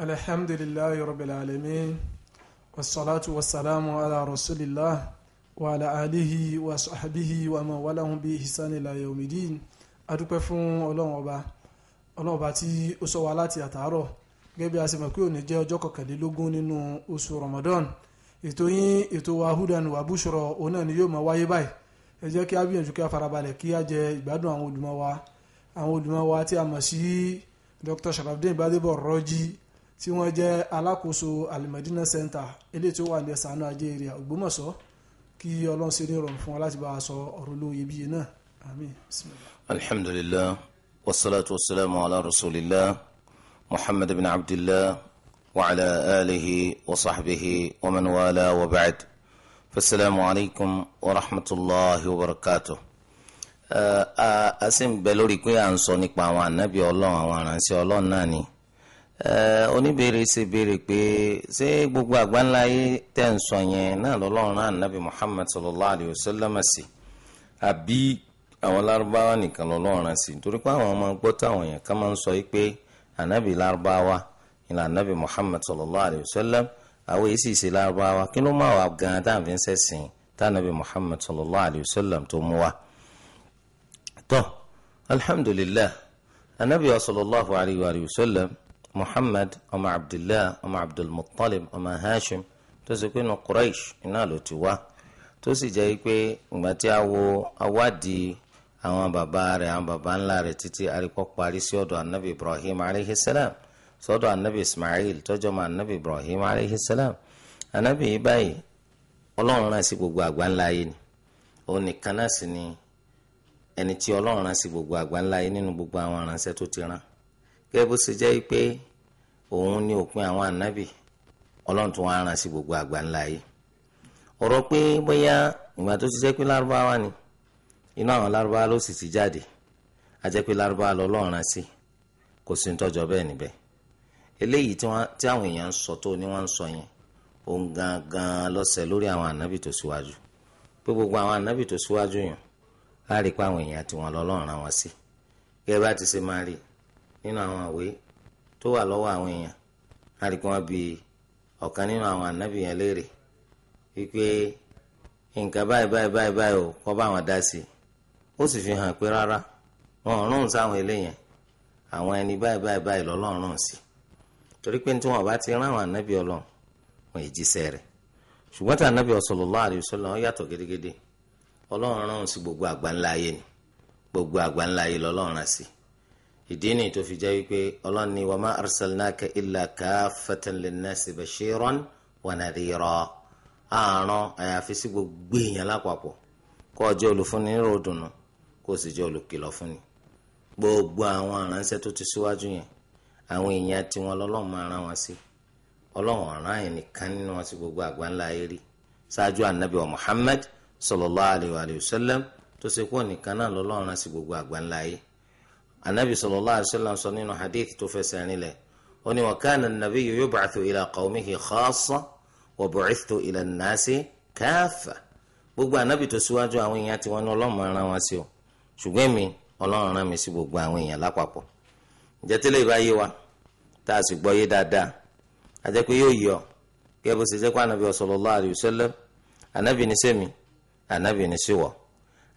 الحمد لله رب العالمين والصلاة والسلام على رسول الله وعلى آله وصحبه ومن والاه بإحسان bi ihsani ila yawmidin adúpẹ́ fún ọlọ́run ọba ọlọ́run ọba tí ó sọ wa láti àtàárọ̀ gẹ́gẹ́ bí a ṣe mọ̀ pé òní jẹ́ ọjọ́ kọkànlélógún nínú oṣù ramadan ètò yín ètò wa hudan òun náà ni yóò máa wáyé báyìí ẹ jẹ́ kí a gbìyànjú kí a farabalẹ̀ kí a jẹ ìgbádùn àwọn olùmọ̀ wa àwọn olùmọ̀ wa tí a mọ̀ sí dr sharafdin badebo rọ́jí tí wọ́n jẹ́ alákòóso alimadina center eléyìí tí ó wà ní ẹ̀sánú ajé èrè Ògbómọ̀ṣọ́ kí ọlọ́run ṣe ní ìrọ̀rùn fún wa láti bá a sọ ọ̀rọ̀ olówó iyebíye náà àmín. alhamdulillah wasalaatu wasalaamu ala rasulillah muhammad bin abdillah wa alihi wa sahbihi wa man wala wa ba'd fasalaamu alaykum wa rahmatulahi wa barakatuh uh, a sì ń bẹ lórí ń sọ nípa àwọn ànábì ọlọ́run àwọn aránṣẹ́ ọlọ́run náà ni. Eh, oníbèrè ṣe béèrè pé ṣé gbogbo àgbáńlá yìí tẹ̀ ń sọ yẹn náà lọ́lọ́run náà nàbì Muhammad sallallahu alayhi wa sallam sí àbí àwọn lárúbáwá nìkan lọ́lọ́run sí torí pé àwọn ọmọ gbọ́ táwọn yẹn ká máa ń sọ yìí pé ànábì lárúbáwá ìlànà nàbì Muhammad sallallahu alayhi wa sallam àwọn èyí sì ṣe lárúbáwá kí ló máa wà gan-an tá à ń fi ń sẹ́sìn tá nàbì Muhammad sallallahu alayhi wa sallam tó mú wa. tó alhamdulillah ànábì sallallahu alayhi wa sallam muhammad ọmọ abdullah ọmọ abdulmuttalib ọmọ hashim tó sì pé nu quraish iná ló ti wá tó sì jẹ́ pé ìgbà tí a wo awádìí àwọn bàbá rẹ̀ àwọn bàbá ńlá rẹ̀ títí arípọ̀ parí sí ọ̀dọ̀ anabi ibrahim alayhi salam sọ́dọ̀ anabi ismail tọ́jọ́ mọ́ anabi ibrahim alayhi salam anabi yìí báyìí ọlọ́run rán sí gbogbo àgbá ńlá yìí ni òun nìkan náà sì ni ẹni tí ọlọ́run rán sí gbogbo àgbá ńlá yìí nínú gbogbo àwọn aránṣẹ́ tó ti rán gẹ́gẹ́ bó ṣe jẹ́ pé òun ni òpin àwọn ànábì ọlọ́run tó wọn aràn sí gbogbo àgbà ńlá yìí ọ̀rọ̀ pé bóyá ìgbà tó ti jẹ́ pé lárúbáwá ni inú àwọn lárúbáwá ló sì ti jáde a jẹ́ pé lárúbáwá lọ lọ́run rán sí kò sí ń tọ́jọ́ bẹ́ẹ̀ níbẹ̀ eléyìí tí àwọn èèyàn ń sọ tó ni wọ́n ń sọ yẹn òun gangan lọ́sẹ̀ lórí àwọn ànábì tó síwájú pé gbogbo àwọn ànábì tó síwájú yàn láàrín pé àwọn èèyàn àti wọn lọ́lọ́run rán wọn sí gẹ́gẹ́ bá ti ṣe máa rí i nínú àwọn àwé tó wà lọ́wọ́ àwọn èèyàn a bi ọ̀kan nínú àwọn ànábì yẹn léèrè wípé nǹkan báyìí báyìí báyìí báyìí ò kọ́ bá wọn dá sí i ó sì fi hàn pé rárá wọn ò rún sáwọn eléyẹn àwọn ẹni báyìí báyìí báyìí lọ́lọ́run sí torí pé tí wọn bá ti rán àwọn ànábì ọlọ́run wọn ì jíṣẹ́ rẹ̀ ṣùgbọ́n tí ànábì sallallahu alaihi wasallam yàtọ̀ gédégédé ọlọ́run rán sí gbogbo àgbáńlá ayé ni gbogbo àgbáńlá ayé lọ́lọ́run sí i ìdí ni tó fi jẹ́ wípé ọlọ́run ni wa ma arsalnaka illa kaffatan linnasi bashiran wa nadhira àárọ̀ àyàfi sí gbogbo èèyàn lápapọ̀ kó o jẹ́ olùfúnni ní ròdùnú kó o sì jẹ́ olùkìlọ̀ fúnni gbogbo àwọn aránṣẹ́ tó ti síwájú yẹn àwọn èèyàn tiwọn lọ́lọ́run máa rán wọn sí ọlọ́run ọ̀ràn ẹnìkan nínú wọn sí gbogbo àgbáńlá ayé rí ṣáájú ànábì wa Muhammad sallallahu alayhi wa sallam tó ṣe kó nìkan náà lọ́lọ́run rán sí gbogbo àgbáńlá ayé anabi sallallahu alayhi wa sallam sọ nínú hadith tó fẹsẹ̀ rinlẹ̀ ó ní wa kana an-nabiyyu yub'athu ila qawmihi khassa wa bu'ithtu ila an-nasi kaffa gbogbo anabi tó síwájú àwọn èèyàn tiwọn ní ọlọ́run máa rán wọn sí o ṣùgbọ́n mi ọlọ́run rán mi sí gbogbo àwọn èèyàn lápapọ̀ ǹjẹ́ tẹ́lẹ̀ ìbá yé wa tá a sì gbọ́ yé dáadáa a jẹ́ pé yóò yọ gẹ́gẹ́ bó anabi sallallahu alayhi anabi ní sẹ́mi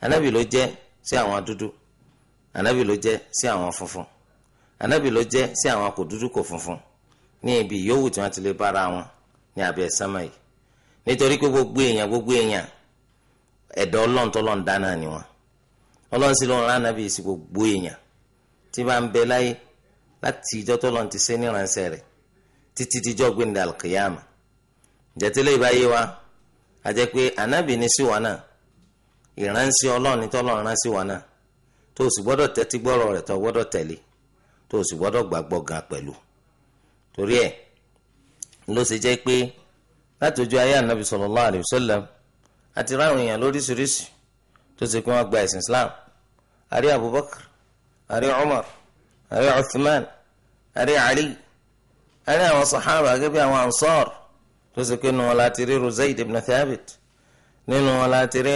anabi ló jẹ́ sí àwọn dúdú anabi ló jẹ́ sí àwọn funfun anabi ló sí àwọn kò dúdú kò funfun ní ibi yòówù tí wọ́n ti lè bára wọn ní yìí nítorí pé gbogbo èèyàn gbogbo èèyàn ẹ̀dọ́ ọlọ́run tó dáná ni wọn sì anabi gbogbo èèyàn tí bá ń bẹ láyé láti ìjọ́ tó ti ṣe níranṣẹ́ rẹ̀ títí tíjọ́ alkiyama ìbáyé wa a anabi ni sí náà wa náà tó o sì gbọ́dọ̀ tẹ́tí gbọ́rọ̀ rẹ̀ tó o gbọ́dọ̀ tẹ̀lé tó o sì gbọ́dọ̀ gbàgbọ́ gan pẹ̀lú torí ẹ̀ ló ṣe jẹ́ pé láti ojú ayé ànábì sallallahu alayhi wa sallam àti ráhùn èèyàn lóríṣiríṣi tó ṣe pé wọ́n gba ẹ̀sìn Islam àrí Abubakar àrí Umar àrí Uthman àrí Ali àrí àwọn sahaba gẹ́gẹ́ bí àwọn ansar tó ṣe pé nínú wọn láti rí Zayd ibn Thabit nínú wọn láti rí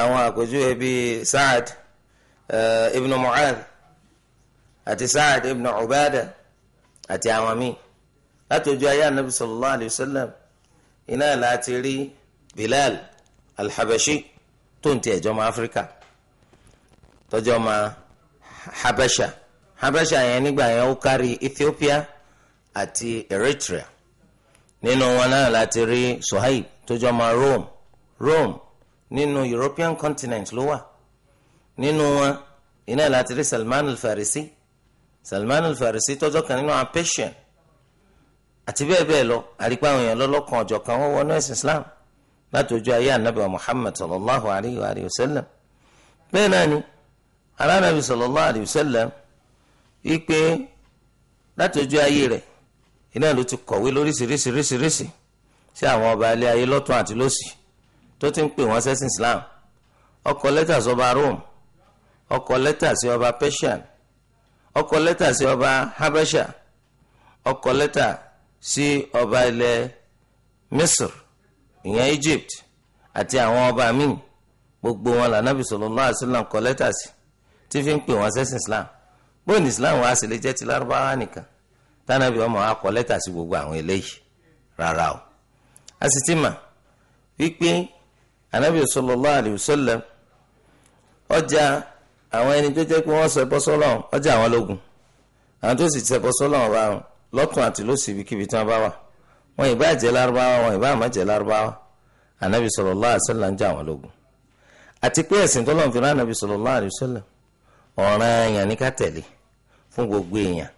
àwọn àpèjúwe bíi Saad Eh, ibnu mu'ad àti saad ibnu ubada àti àwọn míì láti ojú ayé anabi sallallahu alayhi wa sallam iná láti rí bilal alhabashi tó ń tiẹ̀ jọmọ áfíríkà tọjọ́ ma habasha habasha yẹn nígbà yẹn ó kárí ethiopia àti eritrea nínú wọn náà láti rí suhaib tó jọmọ rome rome nínú european continent ló wà nínú wọn iná láti rí Salman al-Farisi Salman al-Farisi tọ́jọ́ kan nínú àwọn Persian àti bẹ́ẹ̀ bẹ́ẹ̀ lọ àríkpá àwọn èèyàn lọ́lọ́kan ọ̀jọ̀ kan wọ́n wọnú ẹ̀sìn Islam láti ojú ayé anabi Muhammad sallallahu alayhi wa sallam bẹ́ẹ̀ náà ni ará anabi sallallahu alayhi wa sallam wípé láti ojú ayé rẹ̀ iná ló ti kọ̀wé lóríṣiríṣiríṣiríṣi sí àwọn ọba ilé ayé lọ́tún àti lọ́sì tó ti ń pè wọ́n sẹ́sìn Islam ó lẹ́tà sọ́ba Rome ó kọ lẹ́tà sí ọba Persian ó kọ sí ọba Habasha ó kọ lẹ́tà sí ọba ilẹ̀ Misr ìyẹn Egypt àti àwọn ọba míì gbogbo wọn lànàbì sallallahu alaihi wasallam kọ lẹ́tà sí tí fi ń pè wọ́n sẹ́sìn Islam bóun Islam wàá sì lè jẹ́ ti lárúbáwá nìkan tánàbì ọmọ wa kọ lẹ́tà sí gbogbo àwọn eléyìí rárá o a sì ti mà wípé anabi sallallahu alaihi wasallam ọjà àwọn ẹni tó jẹ́ pé wọ́n ṣẹbọ sọ́lọ́run ọjà àwọn lógun àwọn tó sì ṣẹbọ sọ́lọ́run bá wọn lọ́tún àti lósì ibikíbi tí wọ́n bá wà wọn ìbá jẹ́ lárúbáwá wọn ìbá má jẹ́ lárúbáwá ànábì sallallahu alaihi wasallam ń jà àwọn lógun àti pé ẹ̀sìn tó lọ́n fi rán ànábì sallallahu alaihi wasallam ọ̀ràn èèyàn ní ká tẹ̀lé fún gbogbo èèyàn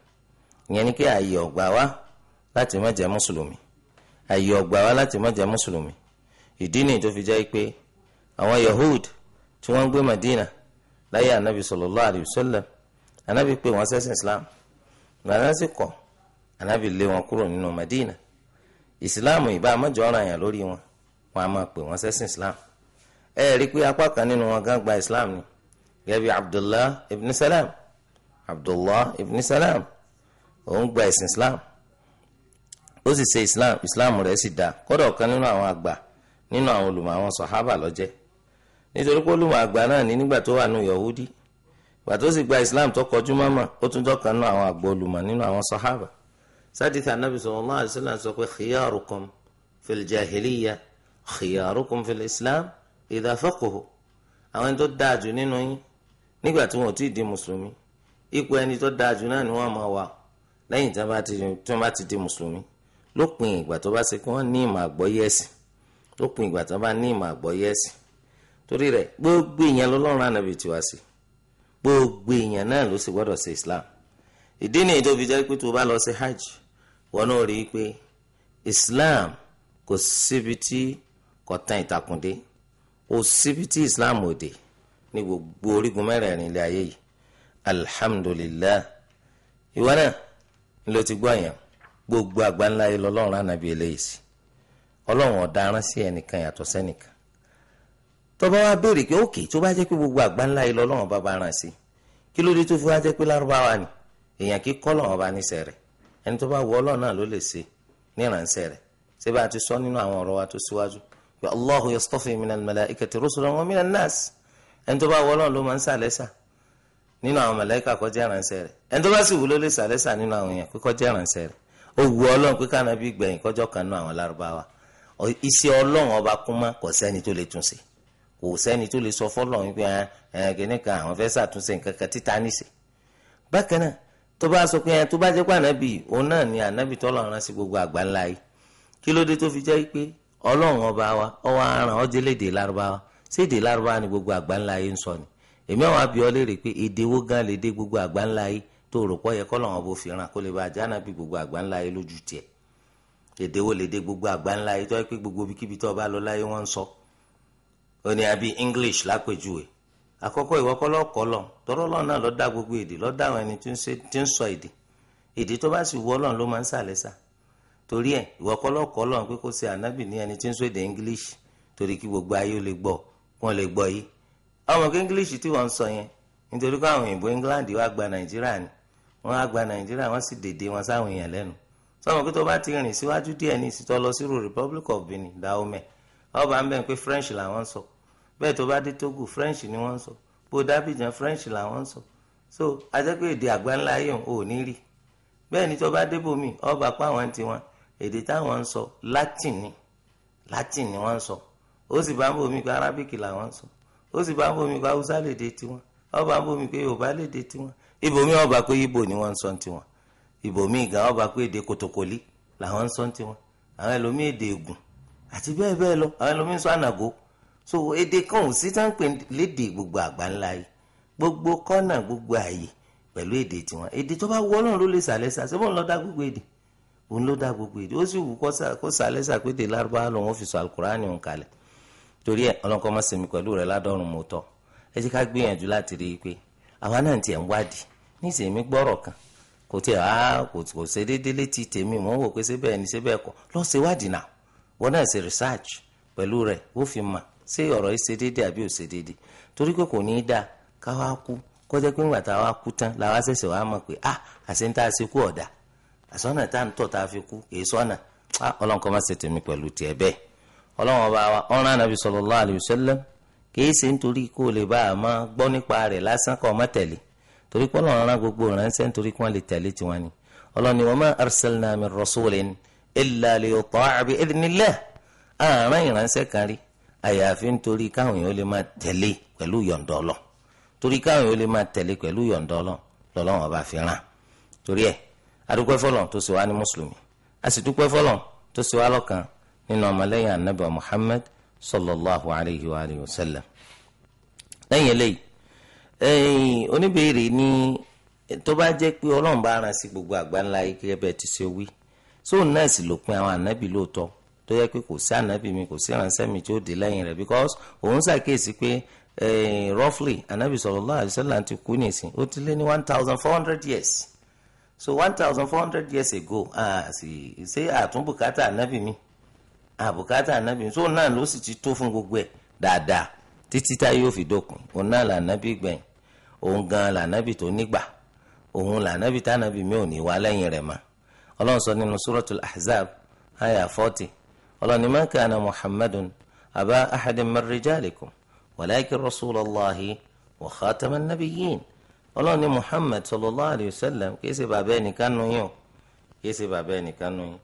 ìyẹn ni pé ààyè ọ̀gbà wá láti má jẹ́ mùsùlùmí ààyè ọ̀gbà wá láti má jẹ́ mùsùlùmí ìdí Yahud tí Madina láyé anabi sallallahu alayhi wa sallam anabi pé wọ́n ṣẹ̀sìn islam gbàdá sì kọ̀ anabi lé wọn kúrò nínú madina ìsìláàmù ìbá àmọ́jọ́ ọ̀ràn yàn lórí wọn wọn a máa pè wọ́n ṣẹ̀sìn islam ẹ rí i pé apá kan nínú wọn gan gba islam ni gẹ́gẹ́ bí abdullah ibn salam abdullah ibn salam òun gba ẹ̀sìn islam ó sì ṣe islam islam rẹ̀ sì dáa kódà ọ̀kan nínú àwọn àgbà nínú àwọn olùmọ̀ àwọn sàhábà ló nítorí pé olùmọ̀ àgbà náà ní nígbà tó wà nù yahudi gbà tó sì gba islam tó kọjú mọ́mọ́ ó tún tọ́ka nù àwọn àgbà olùmọ̀ nínú àwọn sahaba sadith anabi sallallahu alaihi wasallam sọ pé khiyarukum fil jahiliya khiyarukum fil islam idha faqahu àwọn ẹni tó dáa jù nínú yín nígbà tí wọn ò tí ì di mùsùlùmí ipò ẹni tó dáa jù náà ni wọn máa wà lẹ́yìn tí wọn bá ti di mùsùlùmí lópin ìgbà tó bá ṣe kí wọn ní ìmọ̀ àgbọ́yé ẹ̀sìn lópin ìgbà tó bá ní ìmọ̀ àgbọ́yé ẹ̀sìn torí rẹ̀ gbogbo èèyàn lọ́lọ́run ànábì tiwa sí gbogbo èèyàn náà ló sì gbọ́dọ̀ ṣe islam ìdí ni ètò ìfijá pé tó o bá lọ sí hajj wọn náà rí i pé islam kò síbi tí kọ̀tán ìtakùndé kò síbi tí islam ò dé ní gbogbo orígun mẹ́rẹ̀ẹ̀rin ilé ayé yìí alhamdulillah ìwọ náà ni ló ti gbọ́ yẹn gbogbo àgbáńlá yìí lọ́lọ́run ànábì eléyìí sí ọlọ́run ọ̀daràn sí ẹnìkan yàtọ̀ sẹ́nìkan tọ́ba wa béèrè pé òkè tó bá jẹ́ pé gbogbo àgbáńlá yìí lọ́lọ́run bá bá ràn sí kí ló dé tó fi wá jẹ́ pé lárúbáwá ni èèyàn kí kọ́ lọ́wọ́ bá níṣẹ́ rẹ̀ ẹni tó bá wọ ọlọ́run náà ló lè ṣe ní ìrànṣẹ́ ṣé bá a ti sọ nínú àwọn ọ̀rọ̀ wa tó síwájú pé Allahu yastafi minal malaikati rusulan wa minan nas ẹni tó bá wọ ọlọ́run ló máa ń ṣàlẹ́sà nínú àwọn màláíkà kó jẹ́ ìrànṣẹ́ rẹ̀ ẹni tó bá sì wù ló lè ṣàlẹ́sà nínú àwọn kan nú àwọn lárúbáwá iṣẹ́ ọlọ́run ọba kúmọ́ kò sẹ́ni tó kò sẹ́ni tó lè sọ fọ́lọ́run pé kìnnì kan àwọn fẹ́ ṣàtúnṣe nǹkan kan títa níṣe bákan náà tó bá sọ pé tó bá jẹ́ pé ànábì òun ni ànábì tọ́lọ̀ rán sí gbogbo àgbáńlá yìí kí ló dé tó fi jẹ́ pé ọlọ́run ọba wa ọwọ́ aràn ọjọ́ léde lárúbáwá sí èdè lárúbáwá ni gbogbo àgbáńlá yìí ń sọ ni èmi àwọn abiyọ léèrè pé èdè wo gan lè dé gbogbo àgbáńlá yìí tó rò pọ̀ yẹ kọ́lọ́run ọba òfin gbogbo yìí lójú tiẹ̀ èdè wo lè gbogbo yìí tó gbogbo ibikíbi tó òní àbí english lápèjúwe àkọ́kọ́ ìwọ́kọ́ lọ́kọ́lọ́ tọ́rọ́ lọ́n náà lọ́ọ́ dá gbogbo èdè lọ́ọ́ dá àwọn ẹni tí ń sọ èdè èdè tó bá sì wọ́ lọ́n ló máa ń sàlẹ̀ sà torí ẹ̀ ìwọ́kọ́ lọ́kọ́lọ́ pé kó ṣe ànábì ní ẹni tí ń sọ èdè english torí kí gbogbo ayé ó lè gbọ́ wọn lè gbọ́ yìí ọmọ kí english tí wọ́n ń sọ yẹn nítorí pé àwọn òyìnbó england wá gba nàìjíríà ni wọ́n á gba nàìjíríà wọ́n sì dèdè wọn sáwọn èèyàn lẹ́nu sọmọ pé tó bá ti rìn síwájú díẹ̀ ní ìsìtọ́ lọ sí republic of benin dahomey ọba ń bẹ̀ pé french làwọn ń sọ bẹ́ẹ̀ tó bá dé togo french ni wọ́n ń sọ bó dábìjan french làwọn ń sọ so ajẹ́pẹ́ èdè àgbáńlá yìí ò ní rí bẹ́ẹ̀ ni tó bá dé bòmí ọba pa àwọn tiwọn èdè táwọn ń sọ latin ni latin ni wọ́n ń sọ ó sì bá ń bòmí pé arabic làwọn ń sọ ó sì bá ń bòmí pé haúsá lédè tiwọn ọba ń bòmí pé yorùbá lédè tiwọn ibòmí ọba pé ibo ni wọ́n ń sọ tiwọn ibòmí ìgbà ọba pé èdè kòtòkòlí làwọn ń sọ tiwọn àwọn ẹlòmí èdè ègùn àti bẹ́ẹ̀ bẹ́ẹ̀ lọ àwọn ẹlòmíín sọ ànàgó so èdè kan ò sí tá ń pè léde gbogbo àgbáńlá yìí gbogbo kọ́nà gbogbo ààyè pẹ̀lú èdè tiwọn èdè tó bá wọ ọlọ́run ló lè sàlẹ́sà ṣé bọ́n ló dá gbogbo èdè òun ló dá gbogbo èdè ó sì wù kó sàlẹ́sà pé èdè lárúbáwá lòun ó fi sọ alukurani òun kalẹ̀ torí ẹ ọlọ́nkọ́ má sèmi pẹ̀lú rẹ ládọ́run mo tọ́ ẹ jẹ́ ká gbìyànjú láti rí i pé àwa náà tiẹ̀ ń wádìí ní ìsèmí gbọ́rọ̀ kan kò tiẹ̀ á kò ṣe létí tèmi mò ń wò pé ṣé bẹ́ẹ̀ ni ṣé bẹ́ẹ̀ kọ́ lọ́ọ́ ṣèwádìí náà wọn náà ṣe research pẹ̀lú rẹ̀ ó fi mà ṣé ọ̀rọ̀ yìí ṣe déédéé àbí ò ṣe torí pé kò ní í dáa ká wá kú kọjá pé ńgbà tá a wá kú tán làwa ṣẹ̀ṣẹ̀ wá mọ̀ pé ah àṣẹ a ṣe kú ọ̀dà àṣọ́nà tá à ń tọ̀ tá a fi kú kì sọ́nà ah, ọlọ́run kọ́ má ṣe tèmi pẹ̀lú tiẹ̀ bẹ́ẹ̀ gbogbo ránṣẹ́ nítorí kí wọ́n lè tẹ̀lé tiwọn ni illa liyuta'a bi idhnillah a ìránṣẹ́ kan rí àyàfi nítorí káwọn èèyàn lè máa tẹ̀lé pẹ̀lú yọ̀ǹda Ọlọ́run torí káwọn èèyàn lè máa tẹ̀lé pẹ̀lú yọ̀ǹda Ọlọ́run lọ́lọ́run ọba fi ràn torí ẹ̀ adúpẹ́ fọlọ́n tó ṣe wá ní mùsùlùmí a sì dúpẹ́ fọlọ́n tó ṣe wá lọ́kan nínú ọmọlẹ́yìn anabi Muhammad sallallahu alayhi wa sallam lẹ́yìn eléyìí oníbèrè ní tó bá jẹ́ pé Ọlọ́run bá gbogbo àgbáńlá yìí bẹ́ẹ̀ ti ṣe sóun náà sì lòpin àwọn ànábì lóòótọ́ tó yẹ pé kò sí ànábì mi kò sí ìránṣẹ́ mi tí ó dé lẹ́yìn rẹ̀ because òun ṣàkíyèsí pé eh, roughly ànábì sallallahu alaihi wasallam ti kú nìsín ó ti lé ní one thousand four hundred years so one thousand four hundred years ago ṣé àtúnbùkátà ànábì mi àbùkátà ànábì mi so náà ló sì ti tó fún gbogbo ẹ̀ dáadáa títí tá yóò fi dókun òun náà lànábì gbẹ̀yìn òun gan lànábì tó nígbà òun lànábì tànábì mi ò ní wá lẹ́yìn rẹ̀ máa ọlọ́run sọ nínú suratul ahzab aya forty ọlọ́run ma kana muhammadun aba ahadin min rijalikum walakin rasulallahi wa khataman nabiyyin ọlọ́run ní muhammad sallallahu alayhi wa sallam kìí ṣe bàbá ẹnìkan nù yín o kìí ṣe bàbá ẹnìkan nù yín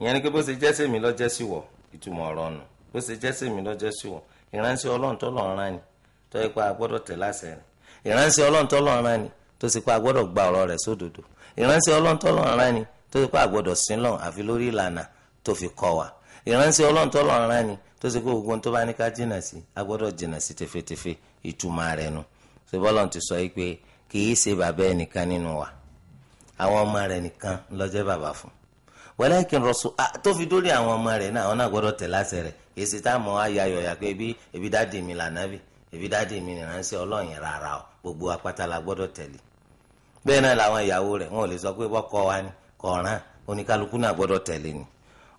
ìyẹn ni pé bó ṣe jẹ́ sí mi lọ́jẹ́ sí wọ̀ ìtumọ̀ ọ̀rọ̀ nù bó ṣe jẹ́ sí mi lọ́jẹ́ sí wọ̀ ìránṣẹ́ ọlọ́run tó lọ́ọ́ ni tó yẹ gbọ́dọ̀ tẹ̀ láṣẹ rẹ̀ ìránṣẹ́ ọlọ́run tó lọ́ọ́ ni tó sì pé gbọ́dọ̀ gba ọ̀rọ̀ rẹ̀ sódodo ìránṣẹ́ ọlọ́run tó lọ́ọ́ ni tó ti kó àgbọ̀dọ̀ sí lọ́n àfi lórí ìlànà tó fi kọ́ wa ìránṣẹ́ ọlọ́run tó lọ́n rán ni tó kó gbogbo tó bá ní ká jìnà sí agbọ́dọ̀ jìnà sí tefetefe ìtumọ̀ rẹ̀ nu wa àwọn ọmọ rẹ nìkan bàbá fún tó fi dórí àwọn ọmọ rẹ náà náà láṣẹ èsì tá a yà pé o gbogbo la náà làwọn ìyàwó wọn ọ̀ràn oníkálukú náà gbọ́dọ̀ tẹ̀lé ni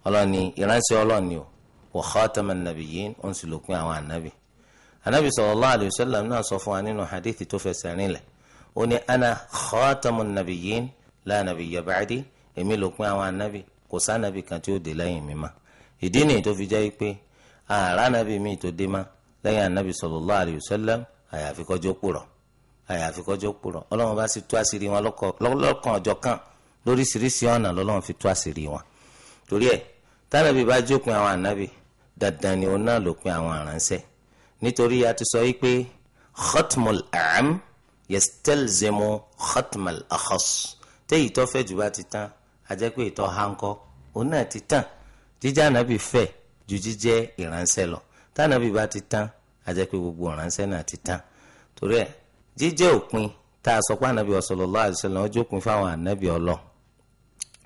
ọlọ́ni ìránṣẹ́ ọlọ́ni o wa khataman nabiyyin ó ń sì lópin àwọn ànábì ànábì sallallahu alayhi wa sallam náà sọ fún wa nínú hadithi tó fẹsẹ̀ rinlẹ̀ ó ní ana khatamun nabiyyin la nabiyya ba'di èmi lópin àwọn ànábì kò sànábì kan tí ó dé lẹ́yìn mi ma ìdí nìyí tó fi jẹ́ pé ààrẹ ànábì mi tó dé ma lẹ́yìn ànábì sallallahu alayhi wa sallam àyàfi kọjọ́ kúrọ̀ àyàfi kọjọ́ kúrọ̀ ọlọ́run bá sì tú àṣírí wọn lọ́kàn ọjọ́ kan lóríṣiríṣi ọ̀nà lọ́lọ́run fi tú àṣírí wọn torí ẹ̀ tánàbí bá jópin àwọn ànábì dandan ni òun náà lópin àwọn àránṣẹ́ nítorí a ti sọ yìí pé khatmul am yestelzemo khatmal akhas téyì tó fẹ̀ jù bá ti tán a jẹ́ pé ìtọ́ hankọ́ òun náà ti tán jíjẹ́ ànábì fẹ̀ ju jíjẹ́ ìránṣẹ́ lọ tánàbí bá ti tán a jẹ́ pé gbogbo ìránṣẹ́ náà ti tán torí ẹ̀ jíjẹ́ òpin tá a sọ pé ànábì sallallahu alaihi wasallam ó fáwọn ànábì ọlọ́ọ̀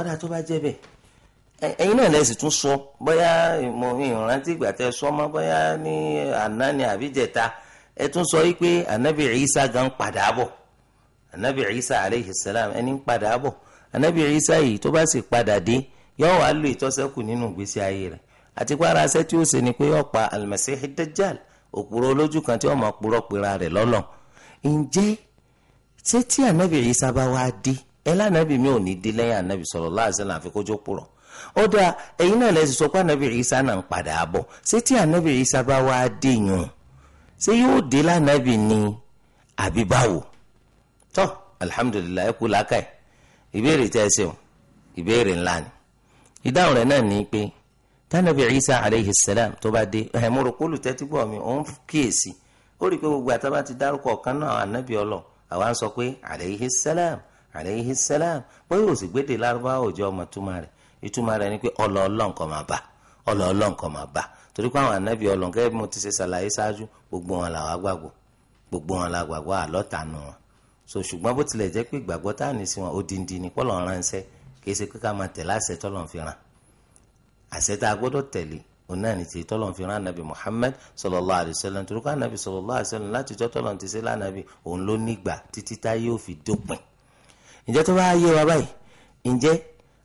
ọ̀dà tó bá jẹ́ bẹ́ẹ̀ ẹ̀yin náà lẹ́sì tún sọ bóyá mo ìrántí ìgbà tẹ́ sọ mọ́ bóyá ní àná ni àbíjẹta ẹ tún sọ wípé anabi isa gan padà bọ̀ anabi isa aleyhi salam ẹni ń padà bọ̀ anabi isa yìí tó bá sì padà dé yóò wá lò ìtọ́sẹ́kù nínú ìgbésí ayé rẹ̀ àti pé ara aṣẹ́ tí ó ṣe ni pé yóò pa almasihi dajjal òpùrọ̀ olójú kan tí wọ́n máa purọ́ pera rẹ̀ lọ́lọ́ ǹjẹ́ ṣé tí anabi isa bá wá dé ẹ lánàbì mi ò ní dé lẹ́yìn ànàbì sallallahu alaihi wasallam fi kójó purọ́ ó dáa ẹ̀yin náà lẹ́sìn sọ pé ànàbì Ìsá náà ń padà bọ̀ ṣé tí ànàbì Ìsá bá wá dé ṣé yóò dé ni àbí báwo alihamudulilayi kú làákàyè ìbéèrè tẹ́ ẹ ṣe o ìbéèrè ńlá ni ìdáhùn rẹ̀ náà ní pé tánàbì aleyhi salam tó bá dé ẹ̀mú rògbòlù tẹ́tí alayhi salam bóyá òsì gbédè lárúbáwá òjò ọmọ túmọ̀ rẹ̀ ìtumọ̀ rẹ̀ ni pé ọlọ ọlọ́nkọ̀ máa bà ọlọ ọlọ́nkọ̀ máa bà torí pé àwọn anábì ọlọ́nkẹ́ bí mo ti ṣe ṣàlàyé ṣáájú gbogbo wọn làwọn agbàgbọ́ gbogbo wọn la gbàgbọ́ àlọ́tànù wọn so ṣùgbọ́n bó tilẹ̀ jẹ́ pé ìgbàgbọ́ tá à ní sí wọn odindi ni pọ́lọ̀ ránṣẹ́ kì í ṣe pé ká máa tẹ̀lé àṣẹ tọ́lọ̀ fi ràn àṣẹ tá a gbọ́dọ̀ tẹ̀lé òun náà ní ti tọ́lọ̀ fi rán anabi Muhammad sallallahu alaihi wasallam pé anabi sallallahu alaihi láti jọ́ tọ́lọ̀ ti ṣe lánàbì òun ló nígbà títí táyé ò dópin ǹjẹ́ tó bá yé wa báyìí ǹjẹ́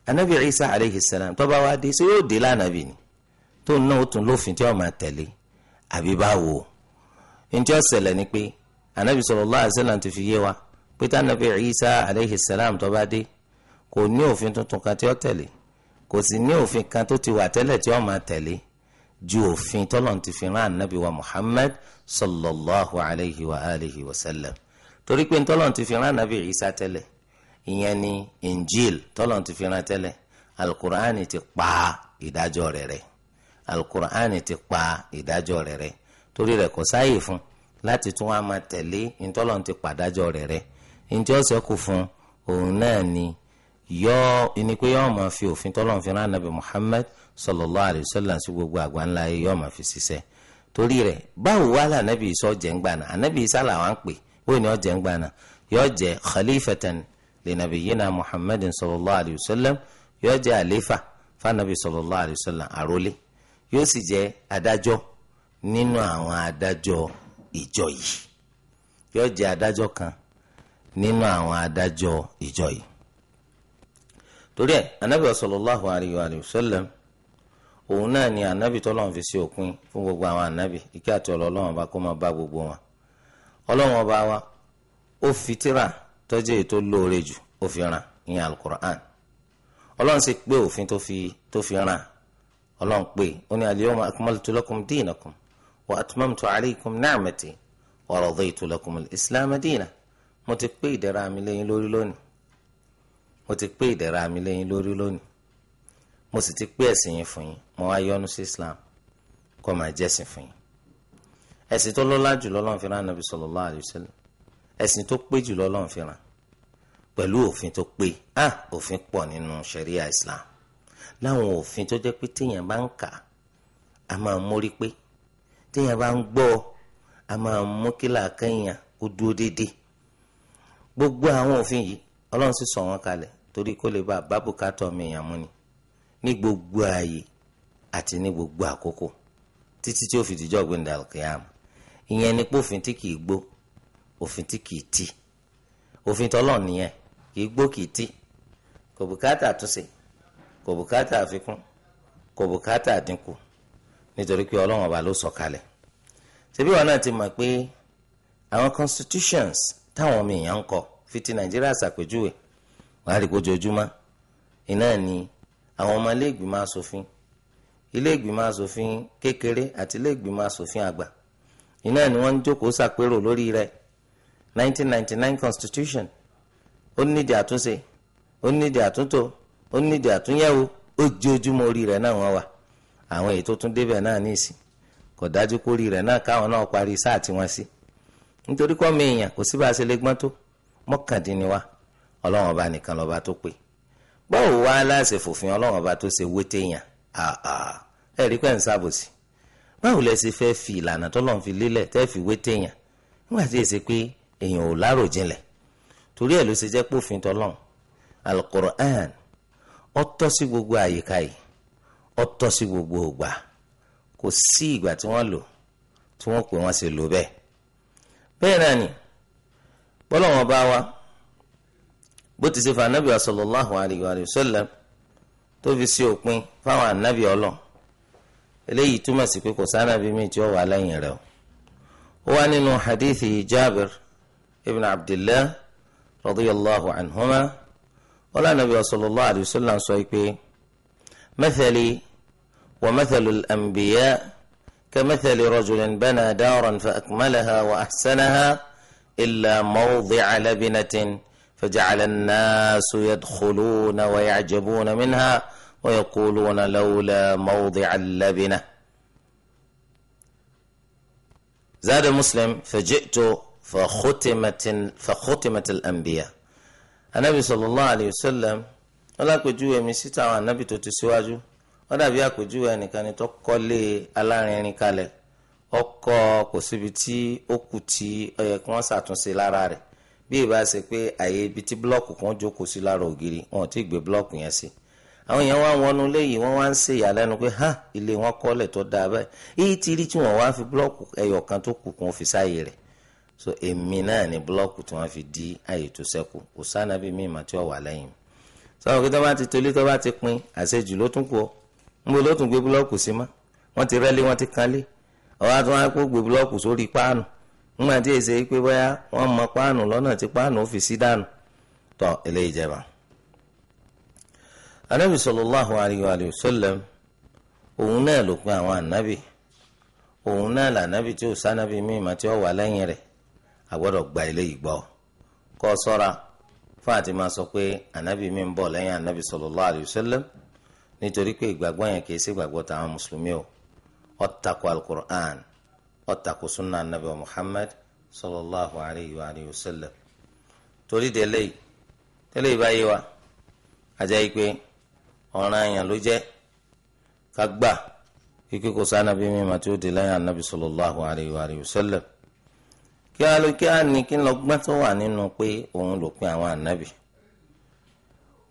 anabi isa aleyhi salam tó bá wá dé ṣé yóò dé lánàbì ni tó ń ná ó tún lófin tí wọ́n máa tẹ̀lé àbí báwo ǹjẹ́ ọ̀sẹ̀lẹ̀ ni pé anabi sallallahu alaihi wasallam ti fi yé wa pé tá anabi isa aleyhi salam tó bá dé kò ní òfin tuntun kan tí ó tẹ̀lé kò sì ní òfin kan tó ti wà tẹ́lẹ̀ tí wọ́n máa tẹ̀lé ju òfin tọ́lọ̀ ti fi rán anabi wa muhammad sallallahu alayhi wa alihi wa sallam torí pé tọ́lọ̀ ti fi rán anabi isa tẹ́lẹ̀ ìyẹn ni injil tọ́lọ́n ti fi ran tẹ́lẹ̀ alukur'an ti pa ìdájọ́ rẹ̀ rẹ̀ alukur'an ti pa ìdájọ́ rẹ̀ rẹ̀ torí rẹ̀ kò sáàyè fún láti tún wá máa tẹ̀lé ìtọ́lọ́n ti pàdájọ́ rẹ̀ rẹ̀ ntí ọ̀sẹ̀ kù fún òun náà ni yọ́ ẹni pé yọ́ máa fi òfin tọ́lọ́n fi rán anabi Muhammad sallallahu alayhi wa sallam sí gbogbo àgbáńlá yìí yọ́ máa fi ṣiṣẹ́ torí rẹ̀ báwo wá là anabi sọ jẹ́ ń anabi sálà wà ń pè bóyá ni ọ jẹ́ ń yọ jẹ́ khalifatan li nabiyyina muhammadin sallallahu alayhi wa sallam yóò jẹ́ àléfà fanabi sallallahu alayhi wa sallam àrólé yóò sì jẹ́ adájọ́ nínú àwọn adájọ́ ìjọ yìí yóò jẹ́ adájọ́ kan nínú àwọn adájọ́ ìjọ yìí torí ẹ̀ anabi sallallahu alayhi wa sallam òun náà ni anabi tọ́lọ́run fi sí òpin fún gbogbo àwọn anabi ìkẹ́ àti ọ̀rọ̀ ọlọ́run ọba kó máa bá gbogbo wọn ọlọ́run ọba wa ó fi tírà tọ́jú èyí tó lóore jù ó fi ràn ìyẹn alukur'an ọlọ́run sì pé òfin tó fi tó fi ràn ọlọ́run pé ó ní al-yawma akmaltu lakum dinakum wa atmamtu alaykum ni'mati wa raditu lakum al-islam dina mo ti pé ìdẹ̀ra mi lẹ́yìn lórí lónìí mo ti pé ìdẹ̀ra mi lẹ́yìn lórí lónìí mo sì ti pé ẹ̀sìn yín fún yín mo wá yọ́nú sí islam kó máa jẹ́sìn fún yín ẹ̀sìn tó lọ́lá jùlọ lọ́n fi rán nàbì sallallahu alayhi ẹ̀sìn tó pé jùlọ lọ́n fi ràn pẹ̀lú òfin tó pé ah òfin pọ̀ nínú sharia islam láwọn òfin tó jẹ́ pé téèyàn bá ń kà á máa mórí pé téèyàn bá ń gbọ́ á máa mú kí làákàyàn ó dúró déédéé gbogbo àwọn òfin yìí ọlọ́run sì sọ wọn kalẹ̀ torí kó lè bá bábùkátà ọmọ èèyàn mú ni ní gbogbo ààyè àti ní gbogbo àkókò títí tí ó fi dìjọ́ gbẹ̀ndàlùkìyàmù ìyẹn ni pófin tí kì í gbó òfin tí kìí tì òfin tọ́lọ̀ nìyẹn kìí gbó kìí tì kò bùkátà túnṣe kò bùkátà àfikún kò bùkátà àdínkù nítorí pé ọlọ́run ọba ló sọ̀kalẹ̀ ṣebí wọn náà ti mọ̀ pé àwọn constitutions táwọn ọmọ èèyàn ń kọ fi ti nàìjíríà ṣàpèjúwe wàá rí kójoojúmọ́ iná ni àwọn ọmọ iléègbìmọ̀ asòfin iléègbìmọ̀ asòfin kékeré àti iléègbìmọ̀ asòfin àgbà iná ni wọ́n ń jókòó ṣàpérò lórí rẹ̀ 1999 constitution ó nídìí àtúnṣe ó nídìí àtúntò ó nídìí àtúnyẹ̀wò ojoojúmọ́ orí rẹ̀ náà wọ́n wà àwọn èyí tó tún débẹ̀ náà ní ìsìn kò dájú kó rí rẹ̀ náà káwọn náà parí sáà tí wọ́n sí nítorí kọ́ mi èèyàn kò sí bá a ṣe lè gbọ́n tó mọ́kàndínníwá ọlọ́run ọba nìkan lọ́ba tó pé báwo wá láṣẹ fòfin ọlọ́run ọba tó ṣe wé téèyàn ẹ rí pẹ́ ń sábòsí báwo lẹ ṣe fẹ́ fi ìlànà tọ́lọ́run fi lélẹ̀ tẹ́ fi wé téèyàn nígbà tí èsì pé èèyàn ò láròjinlẹ̀ torí ẹ̀ ló ṣe jẹ́ pófin tọ́lọ́n alukur'an ó tọ́ sí gbogbo àyíká yìí ó tọ́ sí gbogbo ògbà kò sí ìgbà tí wọ́n lò tí wọ́n pè wọ́n ṣe lò bẹ́ẹ̀ bẹ́ẹ̀ náà ni bọ́lọ́wọ́n bá wa bó ti ṣe fa anabi sallallahu alayhi wa tó fi sí òpin fáwọn anabi ọlọ́n eléyìí túmọ̀ sí pé kò sànàbí mi tí ó wà lẹ́yìn rẹ̀ o ó wá nínú hadithi Jabir ابن عبد الله رضي الله عنهما ولا نبي صلى الله عليه وسلم سويك مثلي ومثل الأنبياء كمثل رجل بنى دارا فأكملها وأحسنها إلا موضع لبنة فجعل الناس يدخلون ويعجبون منها ويقولون لولا موضع اللبنة زاد مسلم فجئت fàkótìmẹtì àmbíyà anabi sallallahu alayhi wa sallam wọn lápèjúwe mi síta àwọn anabi tó ti síwájú wọn dàbí àpèjúwe ẹnìkan ni tó kọ́lé alárinrin kalẹ̀ ọkọ kò síbi tí ó kù tí ó yẹ kí wọ́n ṣàtúnṣe lára rẹ̀ bí ìbá ṣe pé àyè ibi tí blọọkù kan jókòó sí lára ògiri wọn ò tí ì gbé blọọkù yẹn sí àwọn èèyàn wá wọnú léyìí wọn wá ń ṣe ìyàlẹ́nu pé ha ilé wọn kọ́lẹ̀ tó dáa báyìí èyí ti rí tí wọn wá fi blọọkù ẹyọ tó kù kún fi rẹ̀ so èmi náà ni búlọ́ọ̀kù tí wọ́n fi di ààyè tó sẹ́kù kò sànàbí mi mà ti tolí tó bá ti pin àṣejù ló tún kù ń bo ló tún gbé búlọ́ọ̀kù sí mọ́ wọ́n ti ti kanlé kó gbé sórí páànù tí èsè pé bóyá mọ páànù tí páànù ó fi sí dànù ilé wa òun náà ló pin àwọn ànábì òun náà tí ò sánábì àgbọ́dọ̀ gba eléyìí gbọ́ kọ́ ọ sọ́ra fún àti máa sọ pé ànábì mi ń bọ̀ lẹ́yìn ànábì sallallahu alayhi wa sallam nítorí pé ìgbàgbọ́ yẹn kì í sí ìgbàgbọ́ tàwọn mùsùlùmí o ó tako alukur'an ó tako sunna ànábì muhammad sallallahu alayhi wa alayhi wa sallam torí délé yìí délé yìí báyìí wa ajá yìí pé ọ̀ràn àyàn ló jẹ́ ká gbà kíkó kò sí ànábì mímọ́ tí ó di lẹ́yìn wa alayhi kí á ló kí á ní kí n lọ gbọ́n tó wà nínú pé òun àwọn ànábì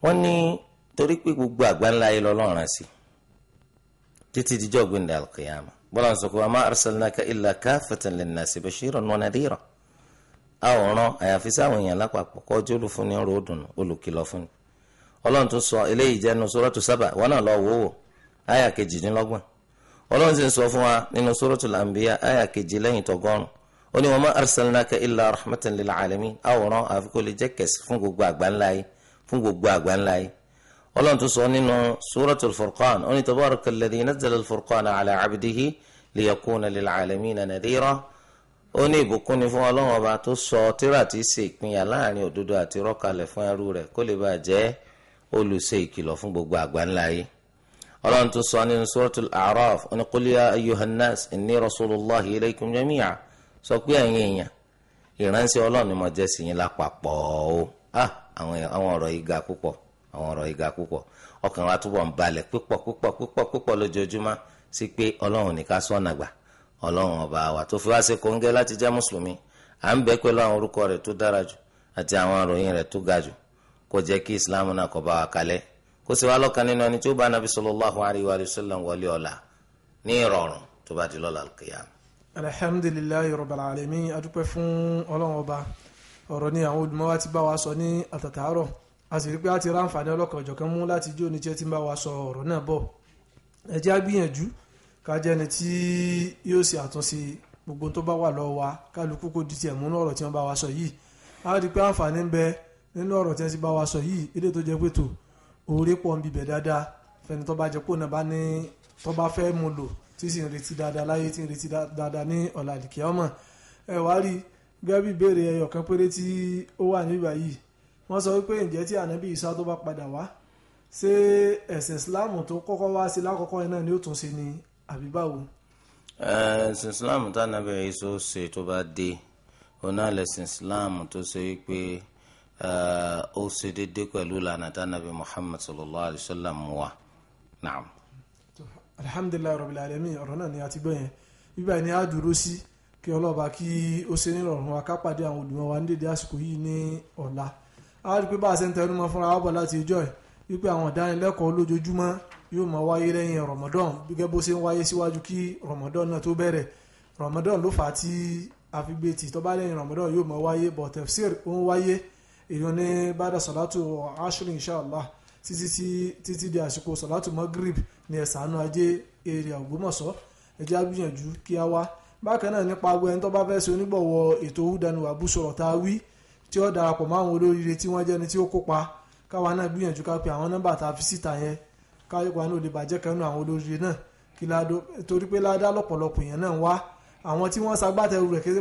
wọ́n ní torí pé gbogbo àgbáńlá yìí lọ́lọ́run sí títí dijọ́ gbẹ̀ndẹ̀ alkiyama bọ́lá ń sọ pé wa ma arsalnaka illa kaffatan linnasi bashiran wa nadira àwòrán àyàfi sáwọn èèyàn lápapọ̀ kọjú olùfúnni ọ̀rọ̀ òdùnnú olùkìlọ̀ sọ eléyìí jẹ́nu sórọ́tù sábà ó ní wọn máa arsalnaka illa rahmatan lil alamin àwòrán àfikún lè jẹ́ kẹ̀sì fún gbogbo àgbáńlá yìí fún gbogbo àgbáńlá yìí ọlọ́run tó sọ nínú suratul furqan ó ní tabarakal ladhi nazzala al furqana ala abdihi liyakuna lil alamina nadira ó ní ìbùkún ni fún ọlọ́run ọba tó sọ tírà tí í ṣe ìpínyà láàrin òdodo àti rọ́kàlẹ̀ fún ẹrú rẹ̀ kó lè bàa jẹ́ olùṣe ìkìlọ̀ fún gbogbo àgbáńlá yìí ọlọ́run tó sọ nínú suratul a'raf ó ní qul ya ayyuhan nas inni rasulullahi sọ pé ẹ̀yin èèyàn ìránṣẹ́ ọlọ́run ni mo jẹ́ sí yín o ah, àwọn ọ̀rọ̀ yìí ga púpọ̀ àwọn ọ̀rọ̀ yìí ga púpọ̀ ọkàn wa túbọ̀ ń balẹ̀ púpọ̀ púpọ̀ púpọ̀ púpọ̀ lójoojúmọ́ sí pé ọlọ́run ní gbà ọba wa tó fi wá ṣe kóńgẹ́ láti jẹ́ mùsùlùmí à ń bẹ pẹ̀lú àwọn orúkọ rẹ̀ tó dára jù àti àwọn àròyìn rẹ̀ tó ga jù kó islam náà bá wa kó sì wá nínú ẹni wa wọlé ní tó bá di alhamdulilayi rabbil alamin adúpẹ́ fún ọlọ́run ọba ọ̀rọ̀ ni àwọn olùmọ̀ wa ti bá wa sọ ní àtàtàárọ̀ a sì rí pé a ti ra àǹfààní ọlọ́kan ọ̀jọ̀kan mú láti jó oníṣẹ́ tí ń bá wa sọ ọ̀rọ̀ náà bọ̀ ẹ jẹ́ á gbìyànjú ká jẹ́ ẹni tí yóò ṣe àtúnṣe gbogbo tó bá wà lọ́wọ́ wa kálukú kò di tiẹ̀ mú ní ọ̀rọ̀ tí wọ́n bá wa sọ yìí a rí pé àǹfààní ń bẹ nínú ọ̀rọ̀ tí wọ́n ti bá wa sọ tí sì ń retí dáadáa láyé tí ń retí dáadáa ní ọ̀la àdìkẹ́ ọmọ ẹ wá rí gẹ́gẹ́ bí ìbéèrè ẹyọ kan péré tí ó wà níbà yìí wọ́n sọ wípé ǹjẹ́ tí ànábì Ìsá tó bá padà wá ṣé ẹ̀sìn Islam tó kọ́kọ́ wá sí lákọ̀ọ́kọ́ yẹn náà ni ó tún ṣe ni àbí báwo. ẹ̀sìn Islam tí ànábì Ìsá ó ṣe tó bá dé òun náà Islam tó ṣe wípé ó ṣe déédéé pẹ̀lú ìlànà tí Muhammad sallallahu alayhi wa sallam wà. Naam alhamdulilayi rabbil alamin ọ̀rọ̀ náà ni a ti gbọ́ yẹn bíbá ni a dúró sí kí ọlọ́ba kí ó ṣe nírọ̀rùn wa ká pàdé àwọn olùmọ̀ wa ní dédé àsìkò yìí ní ọ̀la a rí pé bá a ṣe ń tẹnu mọ́ fúnra wa bọ̀ láti ìjọ ẹ̀ wípé àwọn ìdánilẹ́kọ̀ọ́ lójoojúmọ́ yóò máa wáyé lẹ́yìn rọ̀mọ́dọ́n gẹ́gẹ́ bó ṣe ń wáyé síwájú kí rọ̀mọ́dọ́n náà tó bẹ̀rẹ̀ rọ̀mọ́dọ́n ló fà á tí àfigbètì tó bá lẹ́yìn rọ̀mọ́dọ́n yóò máa wáyé bọ̀ tafsir ó ń wáyé èèyàn ní bàdà sọ̀látù ashrin inshallah títí di àsìkò sọ̀látù magrib ní ẹ̀sánú ajé èrè Ògbómọ̀ṣọ́ ẹ jẹ́ á gbìyànjú kí a wá bákan náà nípa agbó ẹni tó bá fẹ́ ṣe onígbọ̀wọ́ ètò húdanu àbúsọ̀rọ̀ tá a wí tí ó darapọ̀ mọ́ àwọn olóríire tí wọ́n jẹ́ni tí ó kópa káwa náà gbìyànjú ká pe àwọn nọ́mbà tá a fi síta yẹn káyọ̀pá náà ò lè bàjẹ́ kan nínú àwọn olóríire náà kí ládó torí pé ládá lọ́pọ̀lọpọ̀ yẹn náà wá àwọn tí wọ́n ṣagbátẹrù rẹ̀ kété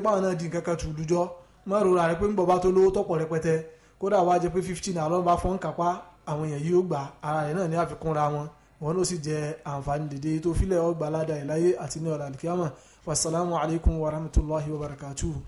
fifteen àlọ́ bá fọ́n kápá àwọn èèyàn yìí ó gbà wọn ló sì jẹ àǹfààní dìde tó filẹ̀ ọgbà aládàá ìláyé àti ní ọ̀làlùkíyàmà wasalaamu alaykum wa rahmatulahi wa barakatuhu.